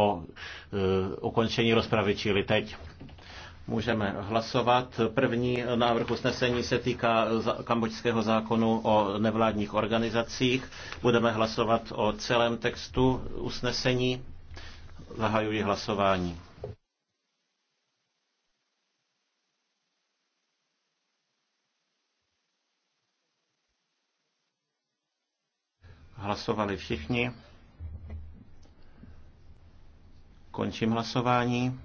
po e, ukončení rozpravy, čili teď. Můžeme hlasovat. První návrh usnesení se týká kambočského zákonu o nevládních organizacích. Budeme hlasovat o celém textu usnesení. Zahajuji hlasování. Hlasovali všichni. Končím hlasování.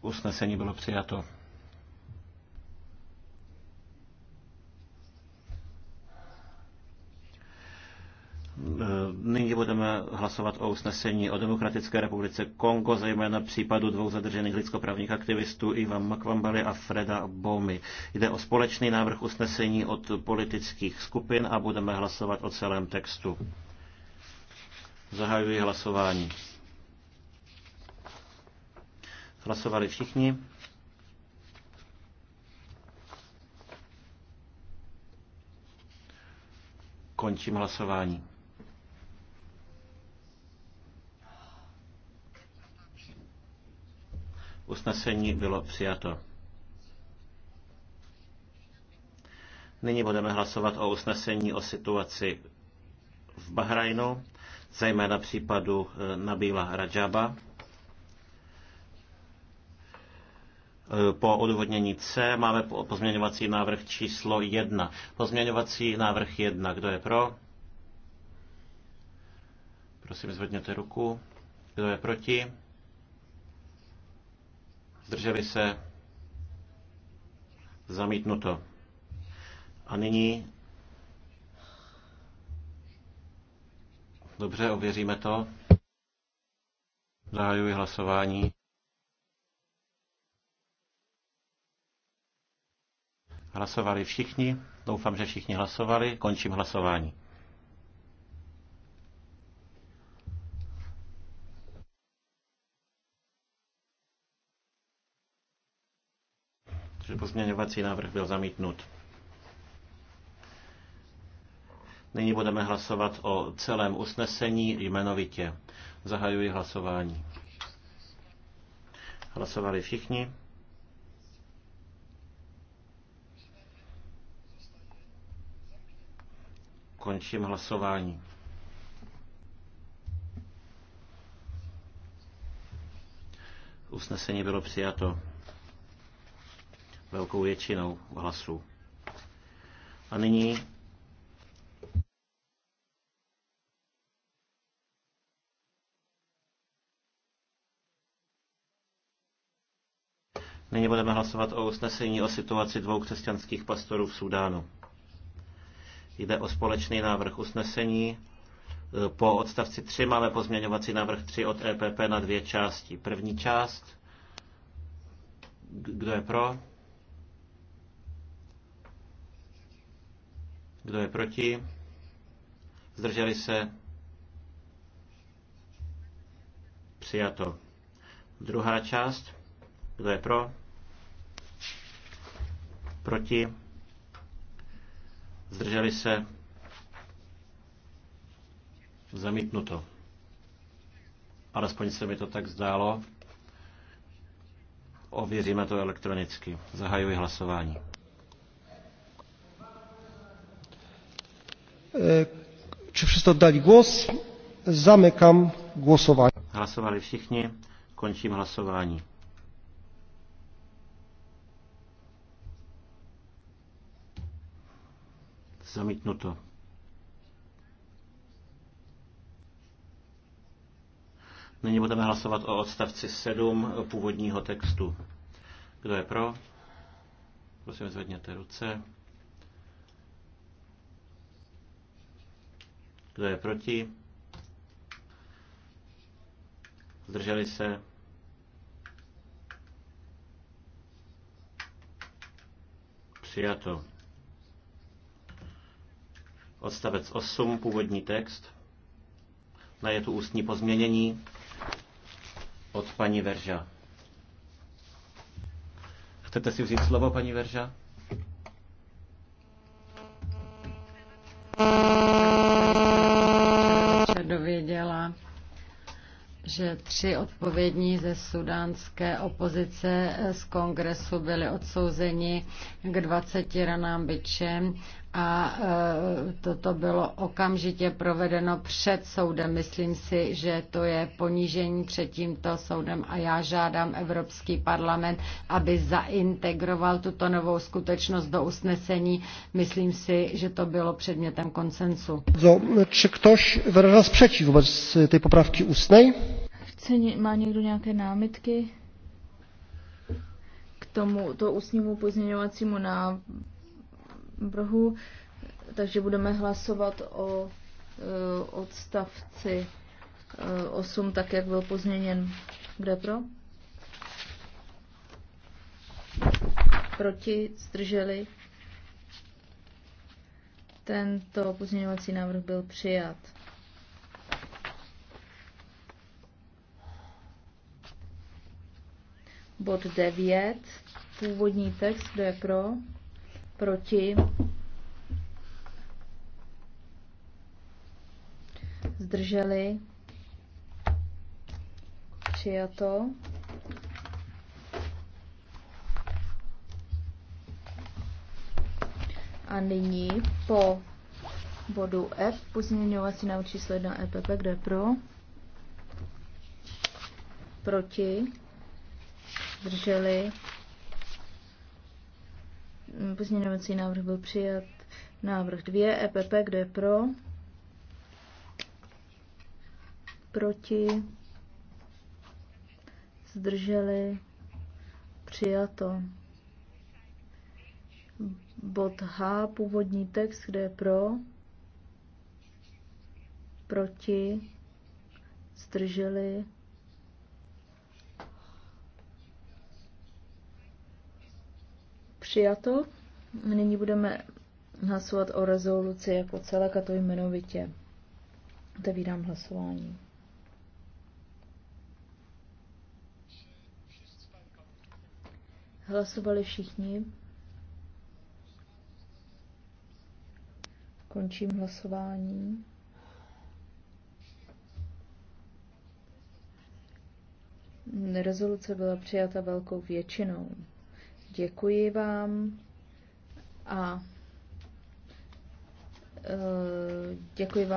Usnesení bylo přijato. Nyní budeme hlasovat o usnesení o Demokratické republice Kongo, zejména případu dvou zadržených lidskoprávních aktivistů Ivan Makvambali a Freda Bomy. Jde o společný návrh usnesení od politických skupin a budeme hlasovat o celém textu. Zahajuji hlasování. Hlasovali všichni. Končím hlasování. Usnesení bylo přijato. Nyní budeme hlasovat o usnesení o situaci v Bahrajnu, zejména případu e, Nabila Rajaba. E, po odůvodnění C máme pozměňovací návrh číslo 1. Pozměňovací návrh 1. Kdo je pro? Prosím, zvedněte ruku. Kdo je proti? Zdrželi se? Zamítnuto. A nyní? Dobře, ověříme to. Zahajuji hlasování. Hlasovali všichni. Doufám, že všichni hlasovali. Končím hlasování. Pozměňovací návrh byl zamítnut. Nyní budeme hlasovat o celém usnesení jmenovitě. Zahajuji hlasování. Hlasovali všichni. Končím hlasování. Usnesení bylo přijato velkou většinou hlasů. A nyní Nyní budeme hlasovat o usnesení o situaci dvou křesťanských pastorů v Sudánu. Jde o společný návrh usnesení. E, po odstavci 3 máme pozměňovací návrh 3 od EPP na dvě části. První část. Kdo je pro? Kdo je proti? Zdrželi se? Přijato. Druhá část. Kdo je pro? Proti? Zdrželi se? Zamítnuto. Alespoň se mi to tak zdálo. Ověříme to elektronicky. Zahajuji hlasování. Czy wszyscy oddali głos? Zamykam głosowanie. Głosowali všichni. Končím hlasování. Zamknięto. Nyní budeme hlasovat o odstavci 7 původního textu. Kdo je pro? Prosím, zvedněte ruce. Kdo je proti? Zdrželi se? Přijato. Odstavec 8, původní text. Na je tu ústní pozměnění od paní Verža. Chcete si vzít slovo, paní Verža? dověděla, že tři odpovědní ze sudánské opozice eh, z kongresu byli odsouzeni k 20 ranám byčem a e, toto bylo okamžitě provedeno před soudem. Myslím si, že to je ponížení před tímto soudem a já žádám Evropský parlament, aby zaintegroval tuto novou skutečnost do usnesení. Myslím si, že to bylo předmětem konsensu. Co? či ktoś vyražal zpřečí vůbec té poprawki ústnej? Chce, má někdo nějaké námitky k tomu to ústnímu pozměňovacímu návrhu? návrhu, takže budeme hlasovat o uh, odstavci uh, e, 8, tak jak byl pozměněn. Kde pro? Proti, zdrželi. Tento pozměňovací návrh byl přijat. Bod 9. Původní text, kdo je pro? proti, zdrželi, přijato. A nyní po bodu F, pozměňovací návrh číslo 1 EPP, kde je pro, proti, zdrželi, Pozměňovací návrh byl přijat. Návrh 2 EPP, kdo je pro? Proti? Zdrželi? Přijato. Bod H, původní text, kde je pro? Proti? Zdrželi? Přijato. Nyní budeme hlasovat o rezoluci jako celek a to jmenovitě. Otevírám hlasování. Hlasovali všichni. Končím hlasování. Rezoluce byla přijata velkou většinou. Děkuji vám a e, děkuji vám.